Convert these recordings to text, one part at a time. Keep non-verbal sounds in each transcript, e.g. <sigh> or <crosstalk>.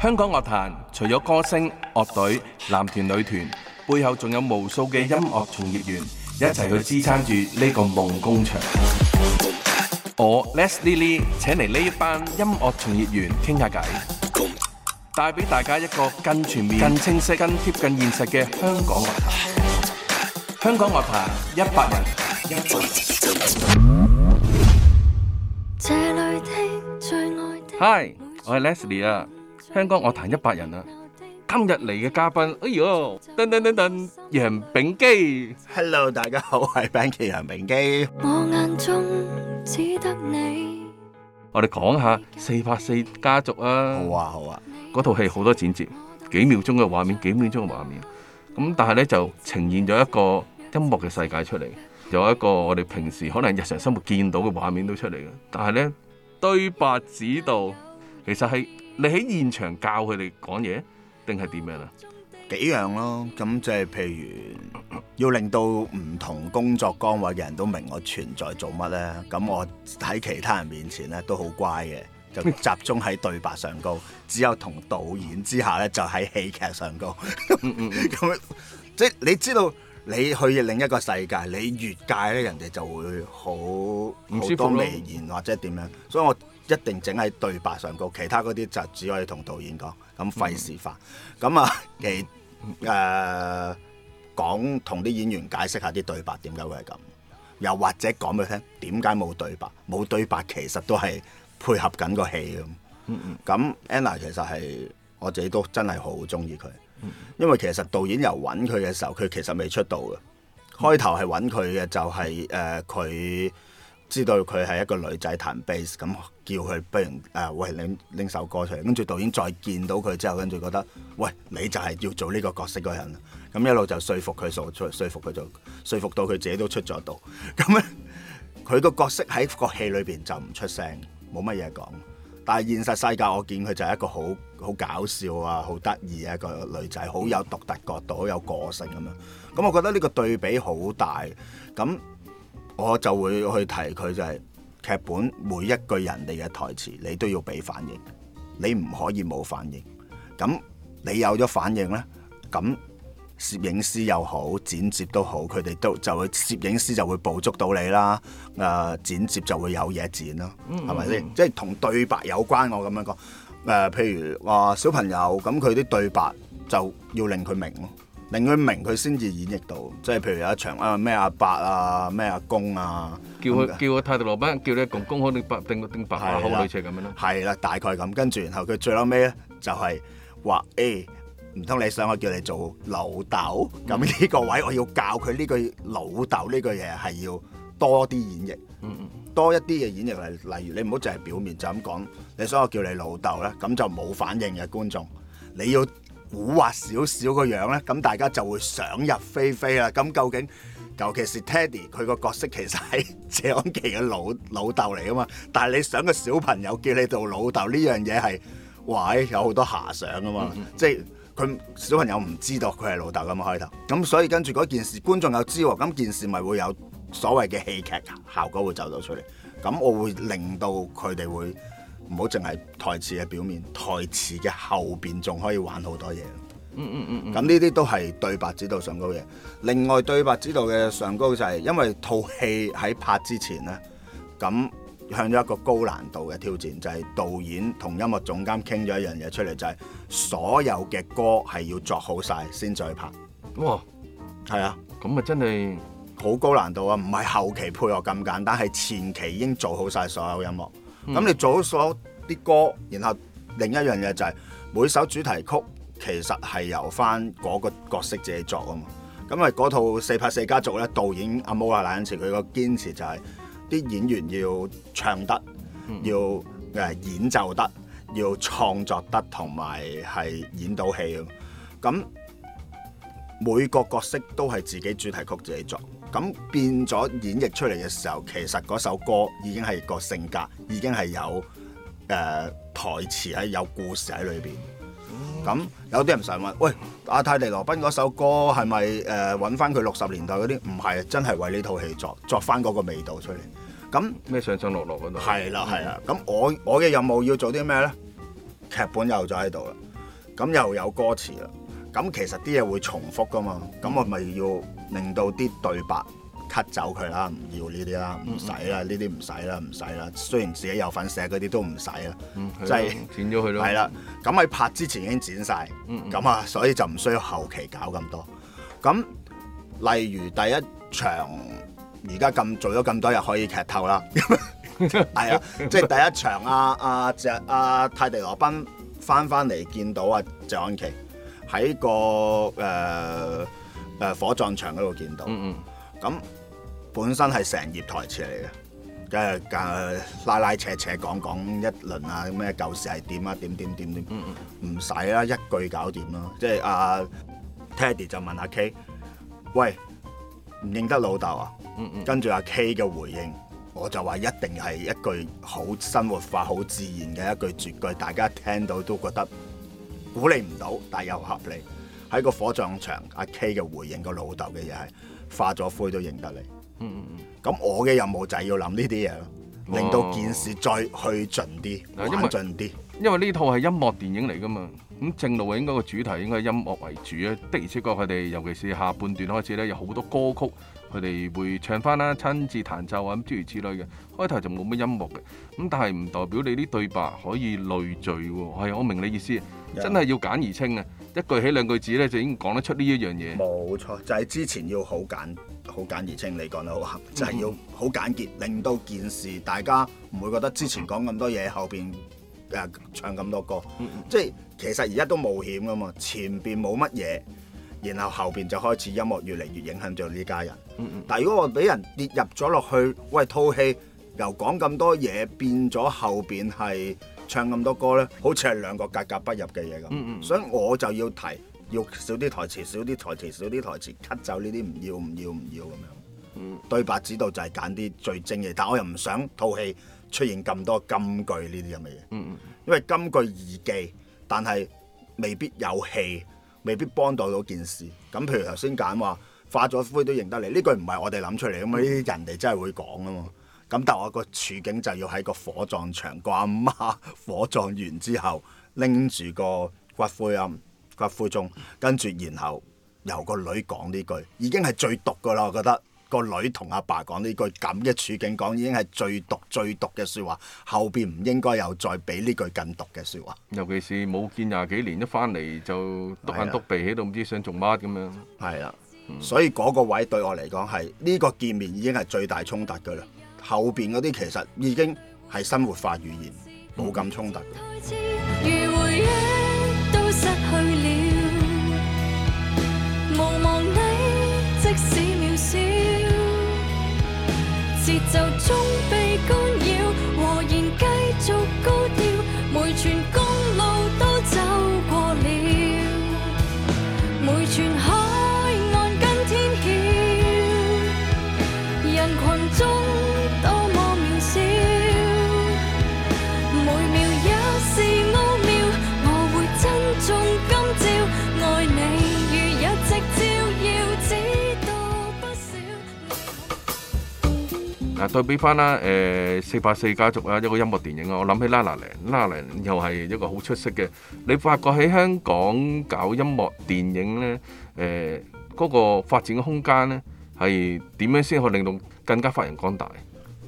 香港樂壇除咗歌星、樂隊、男團、女團，背後仲有無數嘅音樂從業員一齊去支撐住呢個夢工場。我 Leslie 請嚟呢一班音樂從業員傾下偈，帶俾大家一個更全面、更清晰、更貼近現實嘅香港樂壇。香港樂壇一百人，一百人。Hi，我係 Leslie 啊。香港樂壇100人啦。今日嚟嘅嘉賓，哎喲，等等等等，楊秉基。Hello，大家好，係 Banky 楊秉基。我眼中只得你。我哋講下《4拍4家族》啊。好啊，好啊。嗰套戲好多剪接，幾秒鐘嘅畫面，幾秒鐘嘅畫面。咁但係咧就呈現咗一個音樂嘅世界出嚟，有一個我哋平時可能日常生活見到嘅畫面都出嚟嘅。但係咧對白指導，其實係。你喺現場教佢哋講嘢，定係點樣咧？幾樣咯，咁即係譬如要令到唔同工作崗位嘅人都明我存在做乜咧。咁我喺其他人面前咧都好乖嘅，就集中喺對白上高。 <laughs> 只有同導演之下咧，就喺戲劇上高。咁 <laughs> <laughs> 即係你知道你去另一個世界，你越界咧，人哋就會好好多微言或者點樣。所以我一定整喺對白上高，其他嗰啲就只可以同導演講，咁費事煩。咁、嗯、啊，其誒、呃、講同啲演員解釋下啲對白點解會係咁，又或者講俾佢聽點解冇對白，冇對白其實都係配合緊個戲嘅。咁、嗯嗯、Anna 其實係我自己都真係好中意佢，因為其實導演又揾佢嘅時候，佢其實未出道嘅。開頭係揾佢嘅就係誒佢。呃知道佢係一個女仔彈 bass，咁叫佢不如誒、呃，喂你拎拎首歌出嚟。跟住導演再見到佢之後，跟住覺得喂，你就係要做呢個角色個人。咁一路就説服佢，説服佢，說服佢就説服到佢自己都出咗道。咁咧，佢個角色喺個戲裏邊就唔出聲，冇乜嘢講。但係現實世界我見佢就係一個好好搞笑啊、好得意啊個女仔，好有獨特角度、好有個性咁樣。咁我覺得呢個對比好大。咁。我就會去提佢就係、是、劇本每一句人哋嘅台詞，你都要俾反應，你唔可以冇反應。咁你有咗反應呢，咁攝影師又好剪接都好，佢哋都就會攝影師就會捕捉到你啦。誒、呃、剪接就會有嘢剪咯，係咪先？即係同對白有關我，我咁樣講誒，譬如話、呃、小朋友咁，佢、嗯、啲對白就要令佢明。令佢明佢先至演繹到，即係譬如有一場啊咩阿伯啊咩阿公啊，叫佢他叫佢泰迪羅賓，叫你公公開啲白定定白好樣啊，係啦，大概咁。跟住然後佢最後尾咧就係、是、話：，誒、欸，唔通你想我叫你做老豆？咁呢、嗯、個位我要教佢呢句老豆呢句嘢係要多啲演繹，多一啲嘅演繹嚟。例如你唔好淨係表面就咁講，你想我叫你老豆咧，咁就冇反應嘅觀眾，你要。古惑少少個樣咧，咁大家就會想入非非啦。咁究竟，尤其是 Teddy 佢個角色其實係謝安琪嘅老老豆嚟啊嘛。但係你想個小朋友叫你做老豆，呢樣嘢係嘩有好多遐想啊嘛。嗯嗯，即係佢小朋友唔知道佢係老豆咁開頭。咁所以跟住嗰件事，觀眾又知喎。咁件事咪會有所謂嘅戲劇效果會走到出嚟。咁我會令到佢哋會。唔好淨係台詞嘅表面，台詞嘅後邊仲可以玩好多嘢、嗯。嗯嗯嗯。咁呢啲都係對白指導上高嘅。另外對白指導嘅上高就係，因為套戲喺拍之前呢，咁向咗一個高難度嘅挑戰，就係、是、導演同音樂總監傾咗一樣嘢出嚟，就係、是、所有嘅歌係要作好晒先再拍。哇、哦！係啊，咁啊真係好高難度啊！唔係後期配樂咁簡單，係前期已經做好晒所有音樂。咁、嗯、你做好所有啲歌，然後另一樣嘢就係每首主題曲其實係由翻嗰個角色自己作啊嘛。咁啊嗰套《四拍四家族》咧，導演阿摩亞那陣時佢個堅持就係啲演員要唱得，嗯、要誒演奏得，要創作得，同埋係演到戲啊。咁每個角色都係自己主題曲自己作。咁變咗演繹出嚟嘅時候，其實嗰首歌已經係個性格，已經係有誒、呃、台詞喺，有故事喺裏邊。咁、哦、有啲人就問：喂，阿泰迪羅賓嗰首歌係咪誒揾翻佢六十年代嗰啲？唔係，真係為呢套戲作作翻嗰個味道出嚟。咁咩上上落落嗰度？係啦，係啦。咁我我嘅任務要做啲咩咧？劇本有咗喺度啦，咁又有歌詞啦。咁其實啲嘢會重複噶嘛？咁我咪要。令到啲對白 cut 走佢啦，唔要呢啲啦，唔使啦，呢啲唔使啦，唔使啦。雖然自己有份寫嗰啲都唔使啦，即係、嗯就是、剪咗佢咯。係啦，咁喺拍之前已經剪晒，咁、嗯嗯、啊，所以就唔需要後期搞咁多。咁例如第一場，而家咁做咗咁多日可以劇透啦。係 <laughs> 啊，即係 <laughs> 第一場啊啊謝、啊、泰迪羅賓翻翻嚟見到啊謝安琪喺個誒，呃誒火葬場嗰度見到嗯嗯，咁本身係成頁台詞嚟嘅，誒誒、啊、拉拉扯扯講講一輪啊，咩舊事係點啊，點點點點，唔使啦，一句搞掂咯、啊，即係、啊、阿 Teddy 就問阿、啊、K，喂唔認得老豆啊，嗯嗯跟住阿、啊、K 嘅回應，我就話一定係一句好生活化、好自然嘅一句絕句，大家聽到都覺得估佢唔到，但又合理。喺個火葬場，阿 K 嘅回應個老豆嘅嘢係化咗灰都認得你。嗯嗯嗯。咁我嘅任務就係要諗呢啲嘢咯，哦、令到件事再去盡啲、更盡啲。因為呢套係音樂電影嚟㗎嘛，咁正路啊，應該個主題應該係音樂為主啊。的而且確佢哋，尤其是下半段開始咧，有好多歌曲，佢哋會唱翻啦、親自彈奏啊咁諸如此類嘅。開頭就冇乜音樂嘅，咁但係唔代表你啲對白可以累贅喎。係，我明你意思，Yeah. 真係要簡而清啊！一句起兩句止咧，就已經講得出呢一樣嘢。冇錯，就係、是、之前要好簡好簡而清，你講得好啱，嗯嗯就係要好簡潔，令到件事大家唔會覺得之前講咁多嘢，後邊誒、呃、唱咁多歌。嗯嗯即係其實而家都冒險噶嘛，前邊冇乜嘢，然後後邊就開始音樂越嚟越影響咗呢家人。嗯嗯但係如果我俾人跌入咗落去，喂套戲又講咁多嘢，變咗後邊係。唱咁多歌咧，好似係兩個格格不入嘅嘢咁，嗯嗯所以我就要提，要少啲台詞，少啲台詞，少啲台詞，cut 走呢啲唔要唔要唔要咁樣。嗯、對白指導就係揀啲最精嘅，但我又唔想套戲出現咁多金句呢啲咁嘅嘢。嗯嗯因為金句易記，但係未必有戲，未必幫到件事。咁譬如頭先揀話化咗灰都認得你，呢句唔係我哋諗出嚟，咁啊啲人哋真係會講啊嘛。嗯咁但我個處境就要喺個火葬場，個阿媽，媽火葬完之後拎住個骨灰啊，骨灰中跟住然後由個女講呢句，已經係最毒噶啦！我覺得個女同阿爸講呢句咁嘅處境講已經係最毒最毒嘅説話，後邊唔應該有再俾呢句更毒嘅説話。尤其是冇見廿幾年一翻嚟就篤眼篤鼻起到唔、啊、知想做乜咁樣。係啦、啊，嗯、所以嗰個位對我嚟講係呢個見面已經係最大衝突噶啦。後邊嗰啲其實已經係生活化語言，冇咁衝突。 <music> 對比翻啦，誒、呃、四拍四家族啊，一個音樂電影啊，我諗起《La La Land》，《La La Land》又係一個好出色嘅。你發覺喺香港搞音樂電影咧，誒、呃、嗰、那個發展嘅空間咧，係點樣先可以令到更加發揚光大？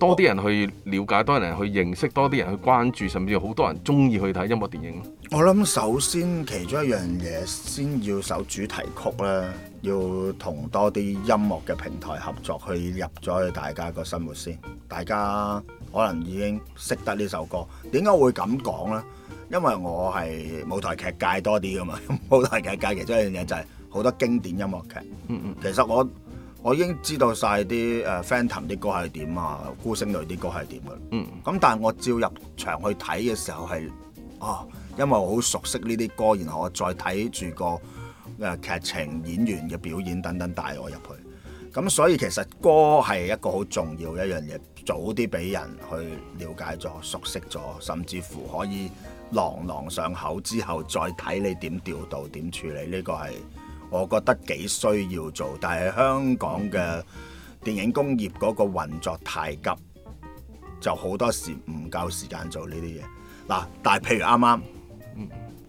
多啲人去了解，多啲人去認識，多啲人去關注，甚至好多人鍾意去睇音樂電影。我諗首先其中一樣嘢，先要首主題曲啦，要同多啲音樂嘅平台合作，去入咗去大家個生活先。大家可能已經識得呢首歌。點解會咁講呢？因為我係舞台劇界多啲㗎嘛。舞台劇界其中一樣嘢就係好多經典音樂劇。嗯嗯，其實我。我已經知道晒啲誒 Phantom 啲歌係點啊，孤星淚啲歌係點嘅。嗯。咁但係我照入場去睇嘅時候係，啊，因為我好熟悉呢啲歌，然後我再睇住個誒、呃、劇情、演員嘅表演等等帶我入去。咁所以其實歌係一個好重要一樣嘢，早啲俾人去了解咗、熟悉咗，甚至乎可以朗朗上口之後再睇你點調度、點處理，呢、這個係。我覺得幾需要做，但係香港嘅電影工業嗰個運作太急，就好多時唔夠時間做呢啲嘢。嗱、啊，但係譬如啱啱，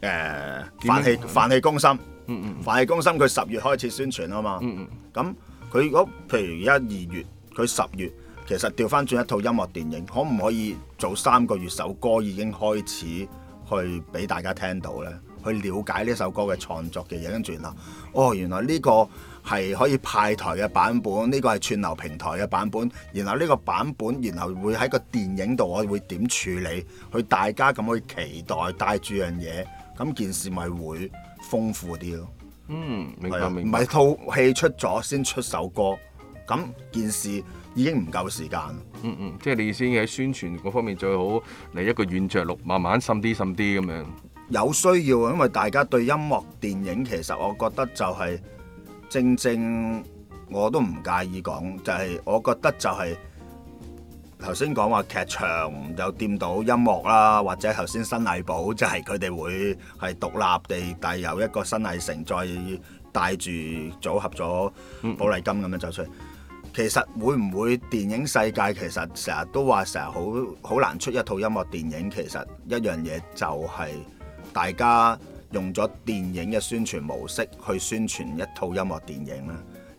誒，飯氣飯氣攻心，嗯嗯、飯氣攻心佢十月開始宣傳啊嘛，咁佢如果譬如一二月，佢十月其實調翻轉一套音樂電影，可唔可以做三個月，首歌已經開始去俾大家聽到咧？去了解呢首歌嘅創作嘅嘢，跟住啊，哦，原來呢個係可以派台嘅版本，呢個係串流平台嘅版本，然後呢個版本，然後會喺個電影度，我會點處理？去大家咁去期待帶住樣嘢，咁件事咪會豐富啲咯？嗯，明白是明白，唔係套戲出咗先出首歌，咁件事已經唔夠時間。嗯嗯，即係你意思係喺宣傳嗰方面最好嚟一個軟着陸，慢慢滲啲滲啲咁樣。有需要，因為大家對音樂電影，其實我覺得就係正正我都唔介意講，就係我覺得就係頭先講話劇場又掂到音樂啦，或者頭先新藝寶就係佢哋會係獨立地帶有一個新藝城再帶住組合咗寶麗金咁樣走出嚟。其實會唔會電影世界，其實成日都話成日好好難出一套音樂電影，其實一樣嘢就係。大家用咗電影嘅宣傳模式去宣傳一套音樂電影啦，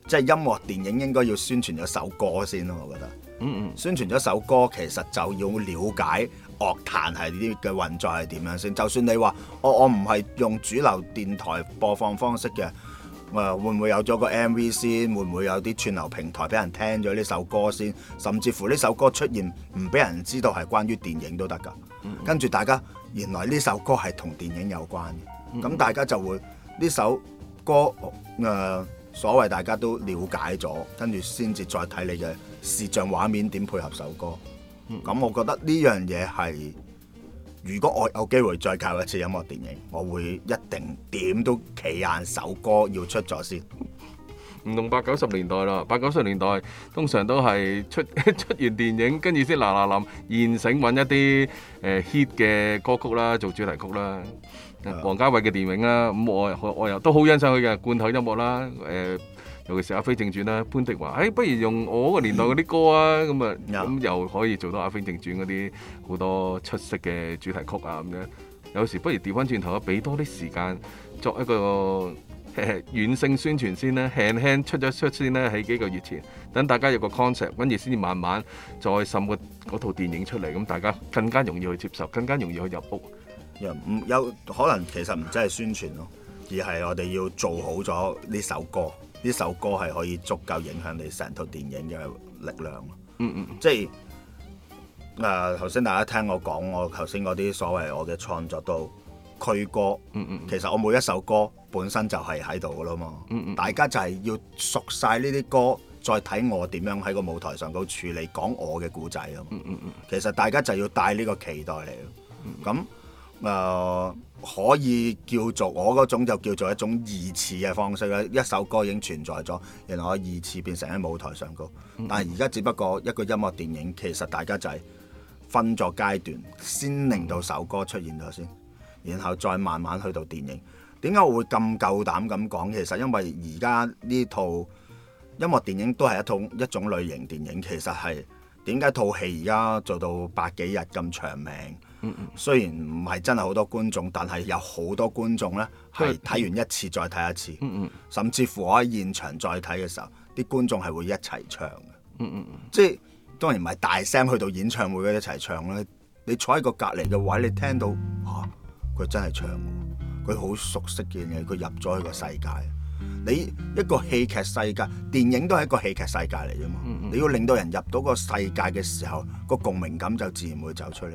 即係音樂電影應該要宣傳咗首歌先咯，我覺得。嗯嗯，宣傳咗首歌其實就要了解樂壇係呢啲嘅運作係點樣先。就算你話我我唔係用主流電台播放方式嘅。誒、呃、會唔會有咗個 M V 先？會唔會有啲串流平台俾人聽咗呢首歌先？甚至乎呢首歌出現唔俾人知道係關於電影都得㗎。跟住大家原來呢首歌係同電影有關嘅，咁大家就會呢首歌誒、呃，所謂大家都了解咗，跟住先至再睇你嘅視像畫面點配合首歌。咁我覺得呢樣嘢係。如果我有機會再搞一次音樂電影，我會一定點都企硬首歌要出咗先。唔同八九十年代啦，八九十年代通常都係出 <laughs> 出完電影，跟住先嗱嗱臨現成揾一啲誒、呃、hit 嘅歌曲啦，做主題曲啦。Yeah. 王家衛嘅電影啦，咁我我又都好欣賞佢嘅罐頭音樂啦，誒、呃。尤其是《阿飛正傳》啦，潘迪華，哎，不如用我嗰個年代嗰啲歌啊，咁啊，咁又可以做到《阿飛正傳》嗰啲好多出色嘅主題曲啊，咁樣。有時不如調翻轉頭啊，俾多啲時間作一個軟 <laughs> 性宣傳先啦。輕輕出咗出先啦，喺幾個月前，等大家有個 concept，跟住先至慢慢再滲個套電影出嚟，咁大家更加容易去接受，更加容易去入屋。又唔有，有可能其實唔真係宣傳咯，而係我哋要做好咗呢首歌。呢首歌係可以足夠影響你成套電影嘅力量。嗯嗯，嗯即係啊頭先大家聽我講，我頭先嗰啲所謂我嘅創作到駒歌。嗯嗯、其實我每一首歌本身就係喺度噶啦嘛。嗯嗯、大家就係要熟晒呢啲歌，再睇我點樣喺個舞台上度處理講我嘅故仔咯、嗯。嗯，嗯其實大家就要帶呢個期待嚟咁啊～、嗯嗯可以叫做我嗰種就叫做一種二次嘅方式啦，一首歌已經存在咗，然後我二次變成喺舞台上高。但係而家只不過一個音樂電影，其實大家就係分作階段，先令到首歌出現咗先，然後再慢慢去到電影。點解我會咁夠膽咁講？其實因為而家呢套音樂電影都係一套一種類型電影，其實係點解套戲而家做到百幾日咁長命？雖然唔係真係好多觀眾，但係有好多觀眾呢，係睇完一次再睇一次，嗯嗯嗯、甚至乎我喺現場再睇嘅時候，啲觀眾係會一齊唱嘅。嗯嗯、即係當然唔係大聲去到演唱會一齊唱咧。你坐喺個隔籬嘅位，你聽到吓佢、啊、真係唱，佢好熟悉嘅嘢，佢入咗去個世界。你一個戲劇世界，電影都係一個戲劇世界嚟啫嘛。嗯嗯、你要令到人入到個世界嘅時候，個共鳴感就自然會走出嚟。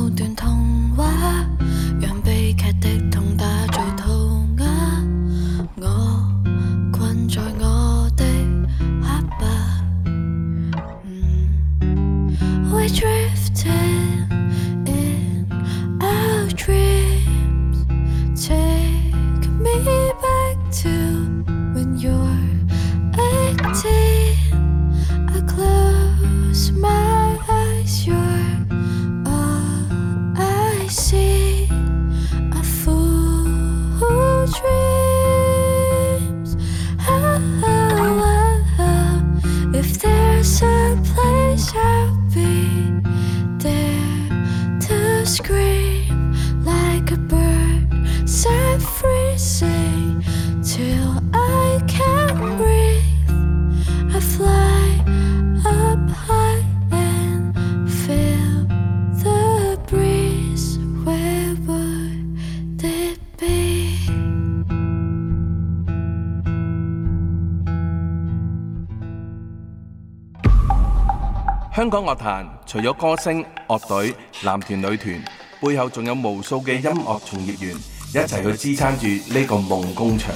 香港樂壇除咗歌星、樂隊、男團、女團，背後仲有無數嘅音樂從業員一齊去支撐住呢個夢工場。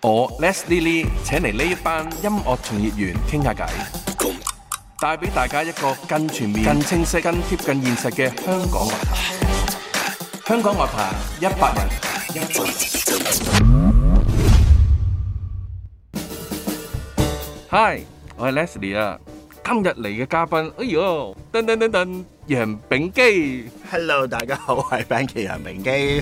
我 Leslie 請嚟呢一班音樂從業員傾下偈，帶俾大家一個更全面、更清晰、更貼近現實嘅香港樂壇。香港樂壇一百人。Hi，我係 Leslie 啊。今日嚟嘅嘉賓，哎呦，噔噔噔噔，楊秉基。Hello，大家好，我係 Banky 楊秉基。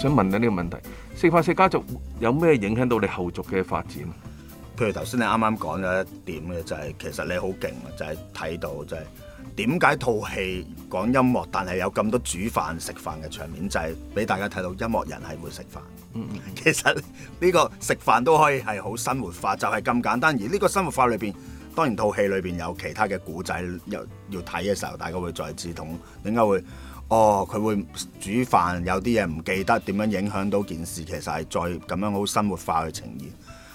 想問緊呢個問題，四拍四家族有咩影響到你後續嘅發展？譬如頭先你啱啱講咗一點嘅，就係、是、其實你好勁啊，就係、是、睇到，就係點解套戲講音樂，但係有咁多煮飯食飯嘅場面，就係、是、俾大家睇到音樂人係會食飯。其實呢個食飯都可以係好生活化，就係咁簡單。而呢個生活化裏邊，當然套戲裏邊有其他嘅故仔，有要睇嘅時候，大家會再知道點解會哦，佢會煮飯有啲嘢唔記得點樣影響到件事，其實係再咁樣好生活化嘅呈現。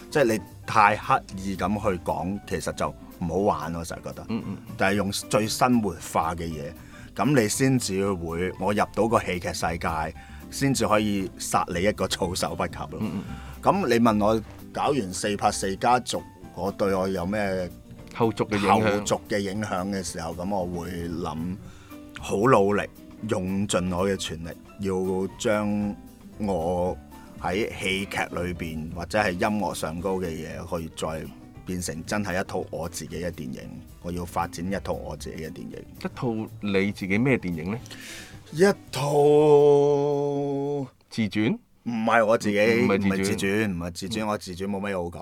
即係你太刻意咁去講，其實就唔好玩咯，我成日覺得。但嗯，嗯。係用最生活化嘅嘢，咁你先至會我入到個戲劇世界。先至可以殺你一個措手不及咯。咁、嗯嗯、你問我搞完四拍四家族，我對我有咩後續嘅影響？後續嘅影響嘅時候，咁我會諗好努力，用盡我嘅全力，要將我喺戲劇裏邊或者係音樂上高嘅嘢，去再變成真係一套我自己嘅電影。我要發展一套我自己嘅電影。一套你自己咩電影呢？一套自傳轉？唔係我自己，唔係自傳，唔係自傳，自轉嗯、我自傳冇咩好講。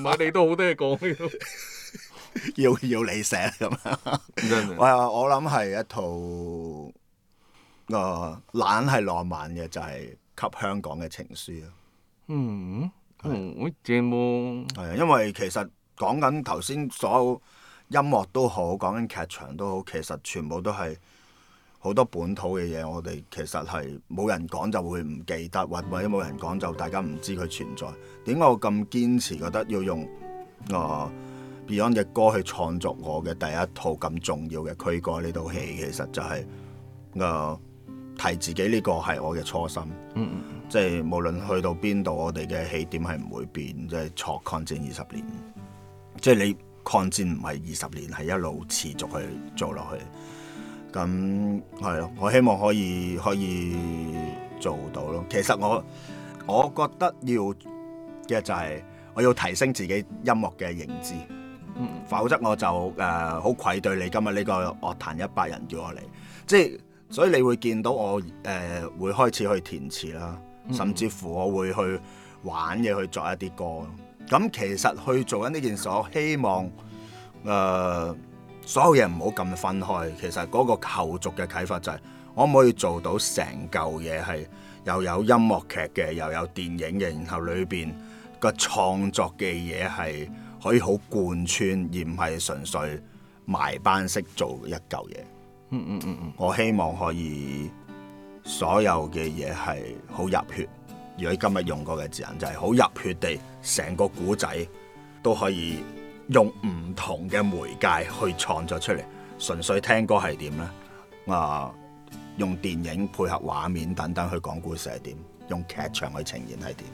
唔 <laughs> 係你都好多嘢講 <laughs> 要要你寫咁樣。 <laughs> <laughs> <laughs> 我我諗係一套啊，懶、呃、係浪漫嘅，就係、是、給香港嘅情書啊、嗯。嗯，好是正喎面。係啊，因為其實講緊頭先所有音樂都好，講緊劇場都好，其實全部都係。好多本土嘅嘢，我哋其實係冇人講就會唔記得，或或者冇人講就大家唔知佢存在。點解我咁堅持覺得要用啊、呃、Beyond 嘅歌去創作我嘅第一套咁重要嘅駒歌呢套戲？其實就係、是、啊、呃、提自己呢個係我嘅初心。Mm hmm. 即係無論去到邊度，我哋嘅起點係唔會變，即係闖抗戰二十年。即係你抗戰唔係二十年，係一路持續去做落去。咁係啊，我希望可以可以做到咯。其實我我覺得要嘅就係、是、我要提升自己音樂嘅認知，嗯、否則我就誒好、呃、愧對你今日呢個樂壇一百人叫我嚟。即係所以你會見到我誒、呃、會開始去填詞啦，甚至乎我會去玩嘢去作一啲歌。咁其實去做緊呢件事，我希望誒，呃所有嘢唔好咁分開，其實嗰個後續嘅啟發就係我可唔可以做到成嚿嘢係又有音樂劇嘅，又有電影嘅，然後裏邊個創作嘅嘢係可以好貫穿，而唔係純粹埋班式做一嚿嘢。嗯嗯嗯嗯，我希望可以所有嘅嘢係好入血。如果今日用過嘅字眼就係好入血地，成個故仔都可以。用唔同嘅媒介去創作出嚟，純粹聽歌係點咧？啊、呃，用電影配合畫面等等去講故事係點，用劇場去呈現係點？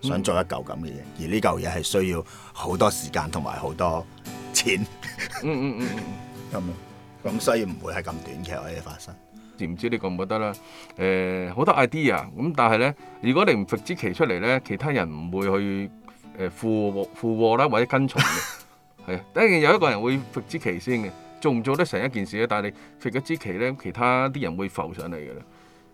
想做一嚿咁嘅嘢，嗯、而呢嚿嘢係需要好多時間同埋好多錢。嗯嗯嗯嗯，咁、嗯、咁、嗯 <laughs> 嗯、所以唔會係咁短期嘅嘢發生。知唔知你覺唔覺得咧？誒、呃，好多 idea 咁，但係咧，如果你唔復之期出嚟咧，其他人唔會去誒、呃、附和附和啦，或者跟從嘅。 <laughs> 當然有一個人會伏支旗先嘅，做唔做得成一件事咧？但係你伏咗支旗咧，其他啲人會浮上嚟嘅啦。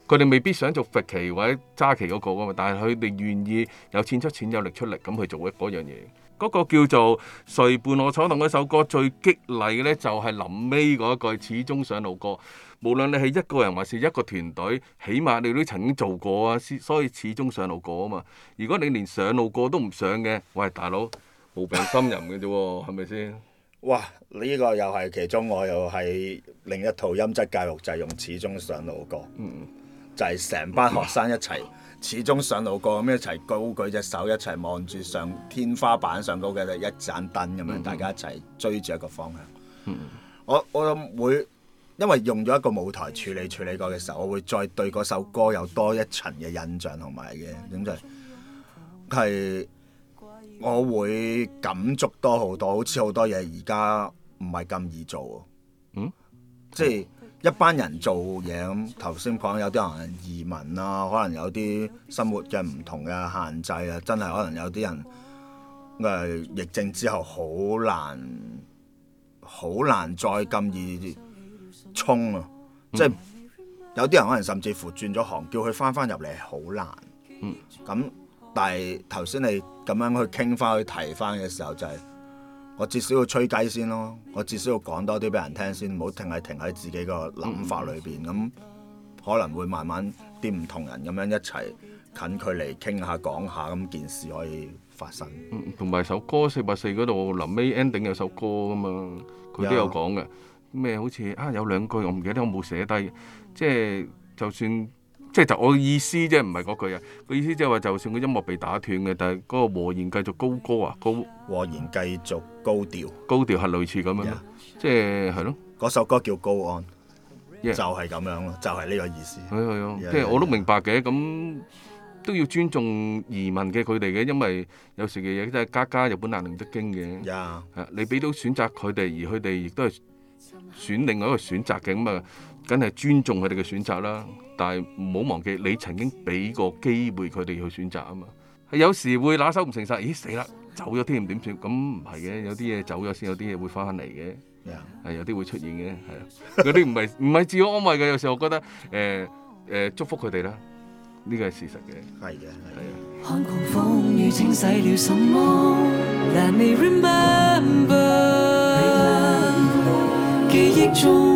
佢哋未必想做伏旗或者揸旗嗰個啊嘛，但係佢哋願意有錢出錢有力出力咁去做一嗰樣嘢。嗰、嗰個叫做誰伴我闖蕩嗰首歌最激勵嘅咧，就係臨尾嗰一句，始終上路過。無論你係一個人還是一個團隊，起碼你都曾經做過啊，所以始終上路過啊嘛。如果你連上路過都唔上嘅，喂，大佬！冇病呻吟嘅啫喎，係咪先？哇！呢、這個又係其中，我又係另一套音質教育制度用始終上路過。嗯、就係成班學生一齊始終上路過咁、嗯、一齊高舉隻手，一齊望住上天花板上高嘅一盞燈咁樣，嗯、大家一齊追住一個方向。嗯，我我會因為用咗一個舞台處理處理過嘅時候，我會再對嗰首歌有多一層嘅印象同埋嘅，整就係、是。我會感觸多好多，好似好多嘢而家唔係咁易做。嗯，即係一班人做嘢咁，頭先講有啲人移民啦，可能有啲生活嘅唔同嘅限制啊，真係可能有啲人誒、呃、疫症之後好難，好難再咁易衝啊！嗯、即係有啲人可能甚至乎轉咗行，叫佢翻翻入嚟好難。咁、嗯。但係頭先你咁樣去傾翻去提翻嘅時候、就係，就係我至少要吹雞先咯，我至少要講多啲俾人聽先，唔好停係停喺自己個諗法裏邊，咁、嗯、可能會慢慢啲唔同人咁樣一齊近距離傾下講下，咁件事可以發生。同埋首歌四拍四嗰度臨尾 ending 有首歌噶嘛，佢都有講嘅，咩 Yeah, 好似啊有兩句我唔記得我冇寫低，即係、就係、就算。即係就我意思即啫，唔係嗰句啊。個意思即係話，就算個音樂被打斷嘅，但係嗰個和弦繼續高歌啊，高和弦繼續高調，高調係類似咁樣咯。Yeah, 即係係咯，嗰首歌叫《高安》yeah, 就，就係咁樣咯，就係呢個意思。係啊 yeah,，即係我都明白嘅。咁都要尊重移民嘅佢哋嘅，因為有時嘅嘢都係家家有本難唸的經嘅 Yeah,。你俾到選擇佢哋，而佢哋亦都係選另外一個選擇嘅咁啊。梗係尊重佢哋嘅選擇啦，但係唔好忘記你曾經俾過機會佢哋去選擇啊嘛。有時會拿手唔成實，咦，死啦，走咗添點算？咁唔係嘅，有啲嘢走咗先，有啲嘢會翻返嚟嘅，係 Yeah. 有啲會出現嘅，係啊，啲唔係唔係自我安慰嘅。有時我覺得誒誒、呃呃、祝福佢哋啦，呢個係事實嘅。係嘅，係啊。的 <music>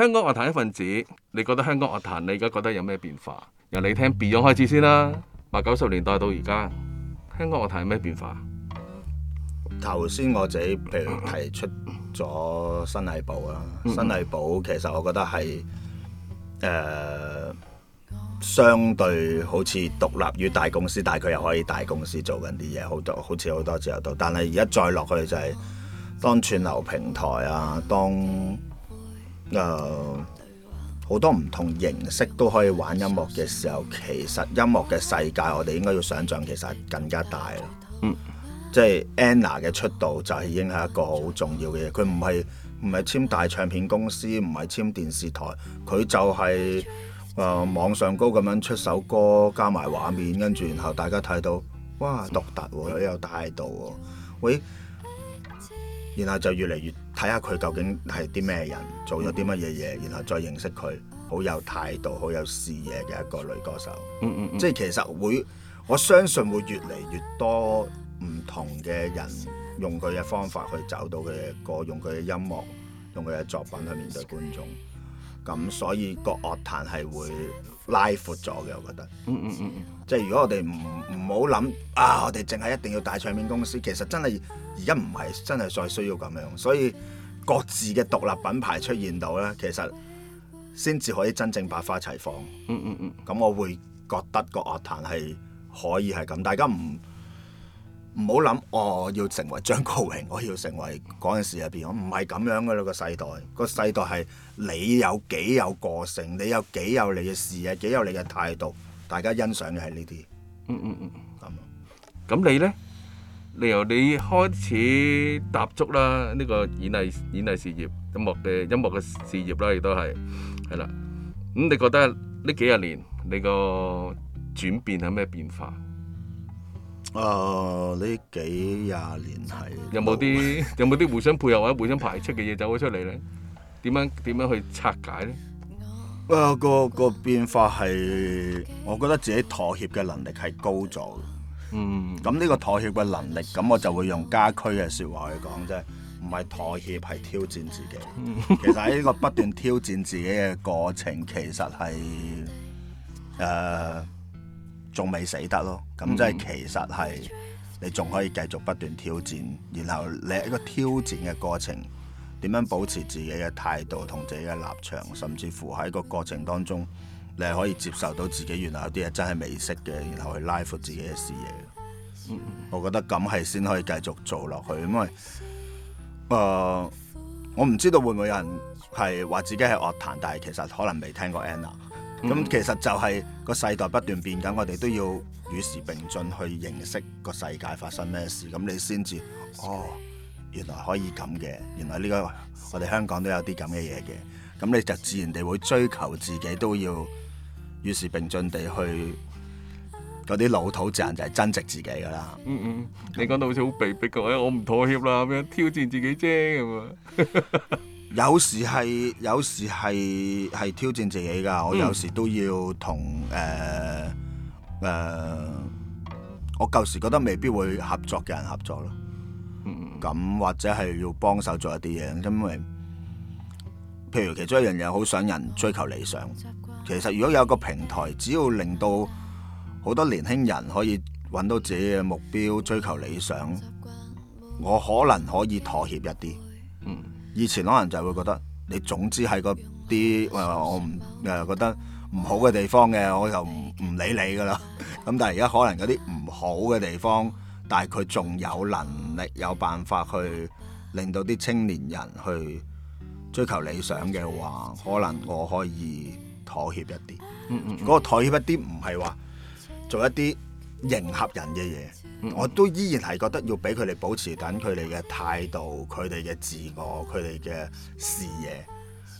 香港樂壇一份子，你覺得香港樂壇你而家覺得有咩變化？由你聽 Beyond 開始先啦，八九十年代到而家，香港樂壇有咩變化？頭先我自己譬如提出咗新藝寶啦，嗯、新藝寶其實我覺得係誒、呃、相對好似獨立於大公司，但係佢又可以大公司做緊啲嘢，好多好似好多自由度。但係而家再落去就係、是、當串流平台啊，當。誒好、uh, 多唔同形式都可以玩音樂嘅時候，其實音樂嘅世界我哋應該要想象其實更加大啦。嗯、即係 Anna 嘅出道就係已經係一個好重要嘅嘢，佢唔係唔係簽大唱片公司，唔係簽電視台，佢就係、是、誒、呃、網上高咁樣出首歌，加埋畫面，跟住然後大家睇到，哇獨特、啊、有又大度、啊、喂，然後就越嚟越。睇下佢究竟係啲咩人，做咗啲乜嘢嘢，然後再認識佢，好有態度、好有視野嘅一個女歌手。嗯嗯，嗯嗯即係其實會，我相信會越嚟越多唔同嘅人用佢嘅方法去找到佢嘅歌，用佢嘅音樂、用佢嘅作品去面對觀眾。咁所以個樂壇係會。拉闊咗嘅，我覺得，嗯嗯嗯嗯，嗯嗯即係如果我哋唔唔好諗啊，我哋淨係一定要大唱片公司，其實真係而家唔係真係再需要咁樣，所以各自嘅獨立品牌出現到咧，其實先至可以真正百花齊放，嗯嗯嗯，咁、嗯嗯、我會覺得個樂壇係可以係咁，大家唔唔好諗，我要成為張國榮，我要成為嗰陣時入邊，我唔係咁樣嘅啦。個世代，個世代係你有幾有個性，你有幾有你嘅事啊，幾有你嘅態度，大家欣賞嘅係呢啲。嗯嗯嗯，咁，咁你呢？你由你開始踏足啦，呢個演藝演藝事業、音樂嘅音樂嘅事業啦，亦都係係啦。咁你覺得呢幾廿年你個轉變係咩變化？誒，呢、uh, 幾廿年係有冇啲有冇啲 <laughs> 互相配合或者互相排斥嘅嘢走咗出嚟咧？點樣點樣去拆解咧？誒、uh，個個變化係，我覺得自己妥協嘅能力係高咗。嗯，咁呢個妥協嘅能力，咁我就會用家駒嘅說話去講，即係，唔係妥協，係挑戰自己。嗯、 <laughs> 其實喺呢個不斷挑戰自己嘅過程，其實係誒。呃仲未死得咯，咁即係其實係你仲可以繼續不斷挑戰，然後你一個挑戰嘅過程，點樣保持自己嘅態度同自己嘅立場，甚至乎喺個過程當中，你係可以接受到自己原來有啲嘢真係未識嘅，然後去拉闊自己嘅視野。 <noise> 我覺得咁係先可以繼續做落去，因為誒、呃，我唔知道會唔會有人係話自己係樂壇，但係其實可能未聽過 Anna。咁、嗯嗯、其實就係個世代不斷變緊，我哋都要與時並進去認識個世界發生咩事，咁你先至哦，原來可以咁嘅，原來呢、個我哋香港都有啲咁嘅嘢嘅，咁你就自然地會追求自己都要與時並進地去嗰啲老土嘅人就係增值自己噶啦。嗯嗯，你講到好似好被逼咁我唔妥協啦，咁樣挑戰自己啫，咁啊。 <laughs> 有時係有時係係挑戰自己㗎，我有時都要同誒誒，我舊時覺得未必會合作嘅人合作咯。咁或者係要幫手做一啲嘢，因為譬如其中一樣嘢好想人追求理想。其實如果有一個平台，只要令到好多年輕人可以揾到自己嘅目標，追求理想，我可能可以妥協一啲。以前可能就會覺得，你總之係嗰啲誒，我唔誒、呃、覺得唔好嘅地方嘅，我就唔唔理你噶啦。咁 <laughs> 但係而家可能嗰啲唔好嘅地方，但係佢仲有能力有辦法去令到啲青年人去追求理想嘅話，可能我可以妥協一啲。嗯嗯，嗰、嗰個、妥協一啲唔係話做一啲迎合人嘅嘢。我都依然係覺得要俾佢哋保持緊佢哋嘅態度、佢哋嘅自我、佢哋嘅視野。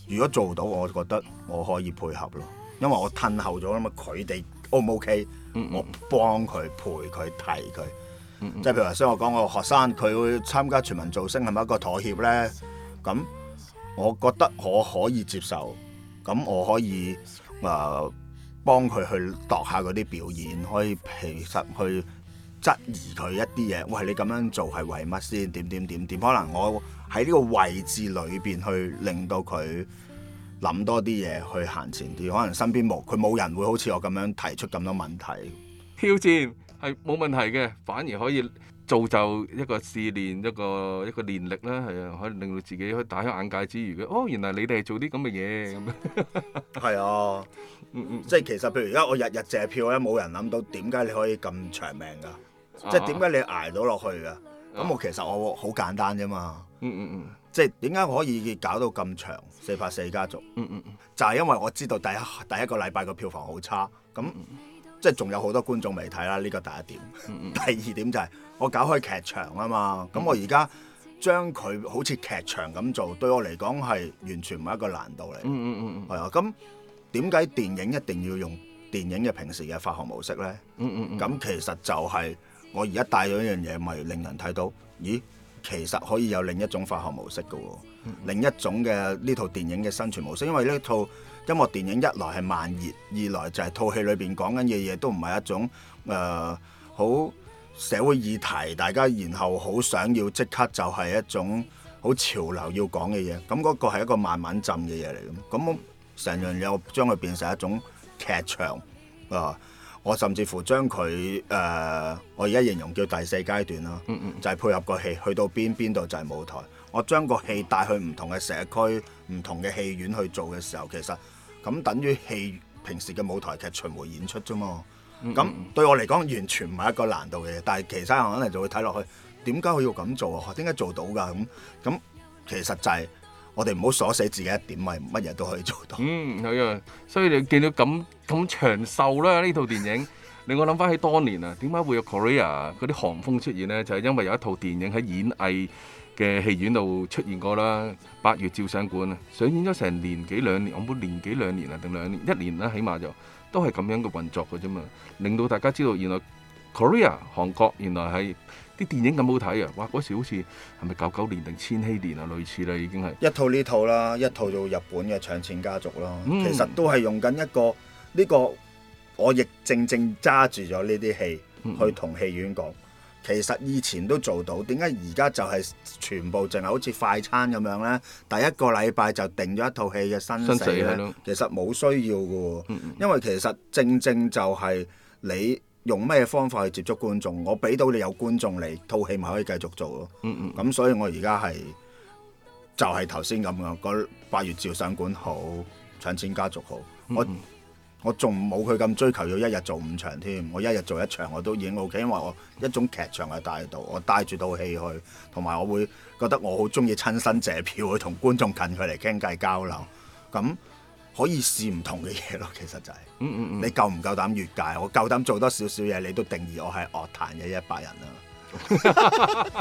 如果做到，我覺得我可以配合咯，因為我褪後咗啦嘛。佢哋 O 唔 O K？我幫佢陪佢提佢，嗯嗯即係譬如話，頭先我講個學生，佢會參加全民造星係咪一個妥協咧？咁我覺得我可以接受，咁我可以誒、呃、幫佢去度下嗰啲表演，可以其實去。質疑佢一啲嘢，喂，你咁樣做係為乜先？點點點點？可能我喺呢個位置裏邊去令到佢諗多啲嘢，去行前啲。可能身邊冇佢冇人會好似我咁樣提出咁多問題挑戰，係冇問題嘅，反而可以造就一個試煉，一個一個練歷啦。係啊，可以令到自己可以打開眼界之餘嘅。哦，原來你哋做啲咁嘅嘢咁，係 <laughs> 啊，嗯嗯，即係其實譬如而家我日日借票咧，冇人諗到點解你可以咁長命㗎。即係點解你捱到落去嘅？咁我其實我好簡單啫嘛。嗯嗯嗯。即係點解我可以搞到咁長四拍四家族？嗯嗯嗯。就係因為我知道第一第一個禮拜嘅票房好差，咁、嗯、即係仲有好多觀眾未睇啦。呢、這個第一點。嗯嗯第二點就係我搞開劇場啊嘛。咁、嗯嗯、我而家將佢好似劇場咁做，對我嚟講係完全唔係一個難度嚟。嗯係、嗯、啊、嗯嗯。咁點解電影一定要用電影嘅平時嘅發行模式咧？嗯咁、嗯嗯嗯、其實就係、是。我而家帶咗一樣嘢，咪令人睇到，咦？其實可以有另一種化學模式嘅喎，另一種嘅呢套電影嘅生存模式，因為呢套音樂電影一來係慢熱，二來就係套戲裏邊講緊嘅嘢都唔係一種誒好、呃、社會議題，大家然後好想要即刻就係一種好潮流要講嘅嘢，咁嗰個係一個慢慢浸嘅嘢嚟咁，咁成樣嘢將佢變成一種劇場啊！我甚至乎將佢誒、呃，我而家形容叫第四階段啦，嗯嗯就係配合個戲去到邊邊度就係舞台。我將個戲帶去唔同嘅社區、唔同嘅戲院去做嘅時候，其實咁等於戲平時嘅舞台劇巡迴演出啫嘛。咁、嗯嗯、對我嚟講完全唔係一個難度嘅嘢，但係其他人可能就會睇落去，點解佢要咁做啊？點解做到㗎？咁咁其實就係、是。我哋唔好鎖死自己一點，咪乜嘢都可以做到。嗯，係啊，所以你見到咁咁長壽啦呢套電影， <laughs> 令我諗翻起當年啊，點解會有 Korea 嗰啲韓風出現呢？就係、是、因為有一套電影喺演藝嘅戲院度出現過啦，《八月照相館》，上演咗成年幾兩年，我冇年幾兩年啊，定兩年一年啦，起碼就都係咁樣嘅運作㗎啫嘛，令到大家知道原來 Korea 韓國原來係。啲電影咁好睇啊！哇，嗰時好似係咪九九年定千禧年啊，類似啦已經係一套呢套啦，一套到日本嘅搶錢家族咯，嗯、其實都係用緊一個呢、呢個我亦正正揸住咗呢啲戲去同戲院講，嗯、其實以前都做到，點解而家就係全部淨係好似快餐咁樣呢？第一個禮拜就定咗一套戲嘅生死，生死其實冇需要嘅，嗯、因為其實正正，正就係你。用咩方法去接觸觀眾？我俾到你有觀眾嚟，套戲咪可以繼續做咯。嗯嗯。咁所以我而家係就係頭先咁樣，個八月照相館好、搶錢家族好。我我仲冇佢咁追求要一日做五場添。我一日做一場我都已經 OK，因為我一種劇場嘅態度，我帶住套戲去，同埋我會覺得我好中意親身借票去同觀眾近距離傾偈交流。咁。可以試唔同嘅嘢咯，其實就係、是， <noise> 你夠唔夠膽越界？我夠膽做多少少嘢，你都定義我係樂壇嘅一百人啦。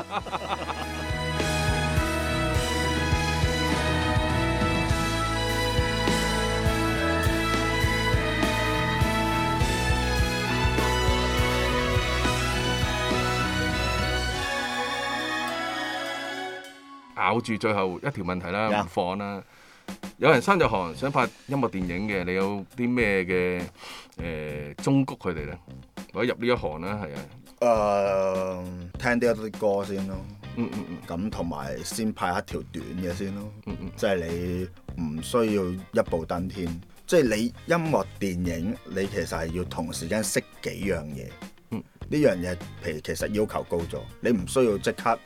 咬住最後一條問題啦，唔 Yeah. 放啦、啊。有人入咗行想拍音樂電影嘅，你有啲咩嘅誒，中谷佢哋咧，或者入呢一行咧，係啊。誒，uh, 聽啲一啲歌先咯。嗯嗯嗯。咁同埋先拍一條短嘅先咯。即係、mm hmm. 你唔需要一步登天，即係你音樂電影，你其實係要同時間識幾樣嘢。嗯、mm。呢樣嘢，譬如其實要求高咗，你唔需要即刻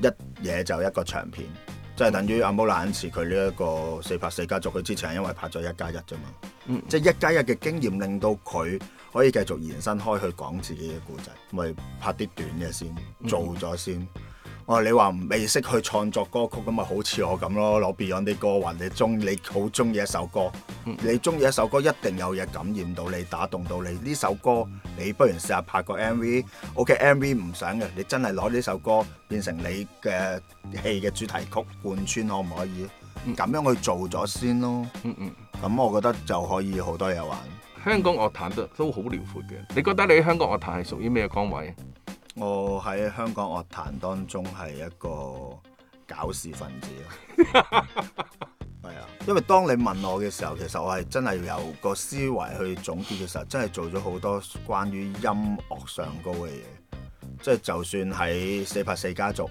一嘢就一個長片。即係等於阿姆蘭是佢呢一個四拍四家族，佢之前係因為拍咗一加一啫嘛。嗯、即係一加一嘅經驗令到佢可以繼續延伸開去講自己嘅故仔，咪拍啲短嘅先，做咗先。嗯我、哦、你話未識去創作歌曲咁咪好似我咁咯，攞 Beyond 啲歌，話你中你好中意一首歌，嗯、你中意一首歌一定有嘢感染到你，打動到你呢首歌，你不如試下拍個 MV。OK，MV、OK, 唔想嘅，你真係攞呢首歌變成你嘅戲嘅主題曲貫穿，可唔可以？咁、嗯、樣去做咗先咯。咁、嗯嗯、我覺得就可以好多嘢玩。香港樂壇都都好遼闊嘅。你覺得你喺香港樂壇係屬於咩崗位？我喺香港樂壇當中係一個搞事分子、。 <laughs> <laughs> 啊、因為當你問我嘅時候，其實我係真係有個思維去總結嘅時候，真係做咗好多關於音樂上高嘅嘢，即係就算喺四拍四家族，誒、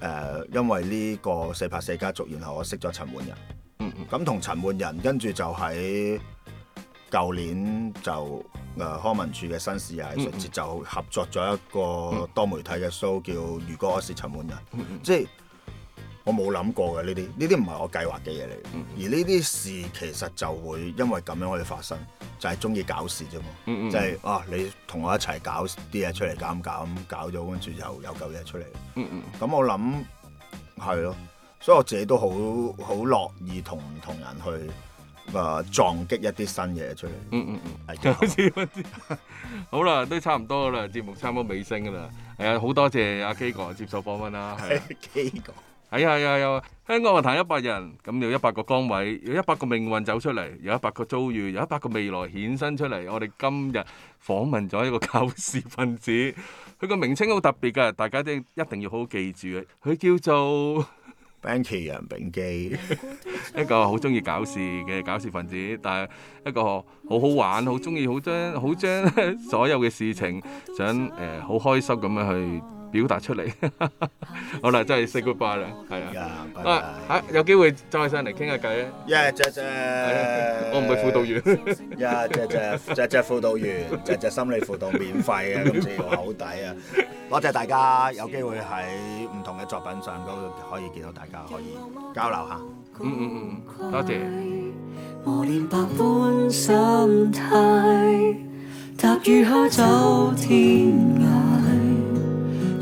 呃，因為呢個四拍四家族，然後我識咗陳冠仁，咁同、嗯嗯、陳冠仁跟住就喺、是。舊年就誒康文署嘅新視野藝術節就合作咗一個多媒體嘅 show，叫《如果我是陳滿人》，即係我冇諗過嘅呢啲，呢啲唔係我計劃嘅嘢嚟。而呢啲事其實就會因為咁樣可以發生，就係中意搞事啫嘛。即係啊，你同我一齊搞啲嘢出嚟，搞搞咁，搞咗跟住就有嚿嘢出嚟。咁我諗係咯，所以我自己都好好樂意同同人去誒、呃、撞擊一啲新嘢出嚟、嗯。嗯嗯嗯，哎、好啦， <laughs> 都差唔多啦，節目差唔多尾聲啦。係啊，好多謝阿基哥接受訪問啦。係基哥。係 <laughs> 啊係啊係、啊啊啊啊、香港樂壇一百人，咁有一百個崗位，有一百個命運走出嚟，有一百個遭遇，有一百個未來衍生出嚟。我哋今日訪問咗一個搞事分子，佢個名稱好特別嘅，大家一定一定要好好記住佢。佢叫做。Benjamin 楊秉基，一個好中意搞事嘅搞事分子，但係一個好好玩，好中意好將好將所有嘅事情想誒好、呃、開心咁樣去。表達出嚟，好啦，真係 say goodbye 啦，係啊，啊，嚇有機會再上嚟傾下偈啊，耶，謝謝，我唔係輔導員，耶，謝謝，謝謝輔導員，謝謝心理輔導免費嘅，咁先好抵啊，多謝大家，有機會喺唔同嘅作品上嗰度可以見到大家可以交流下，嗯嗯嗯，多謝。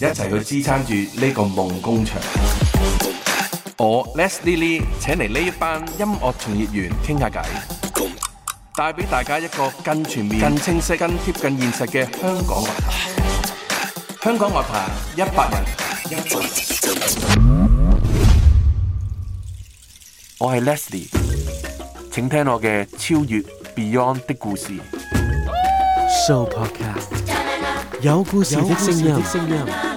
一齊去支撐住呢個夢工場。我 Leslie Lee，請嚟呢一班音樂從業員傾下偈，帶俾大家一個更全面、更清晰、更貼近現實嘅香港樂壇。香港樂壇一百人。人 <noise> 我係 Leslie，請聽我嘅超越 Beyond 的故事 Sooo Podcast 有故事的聲音。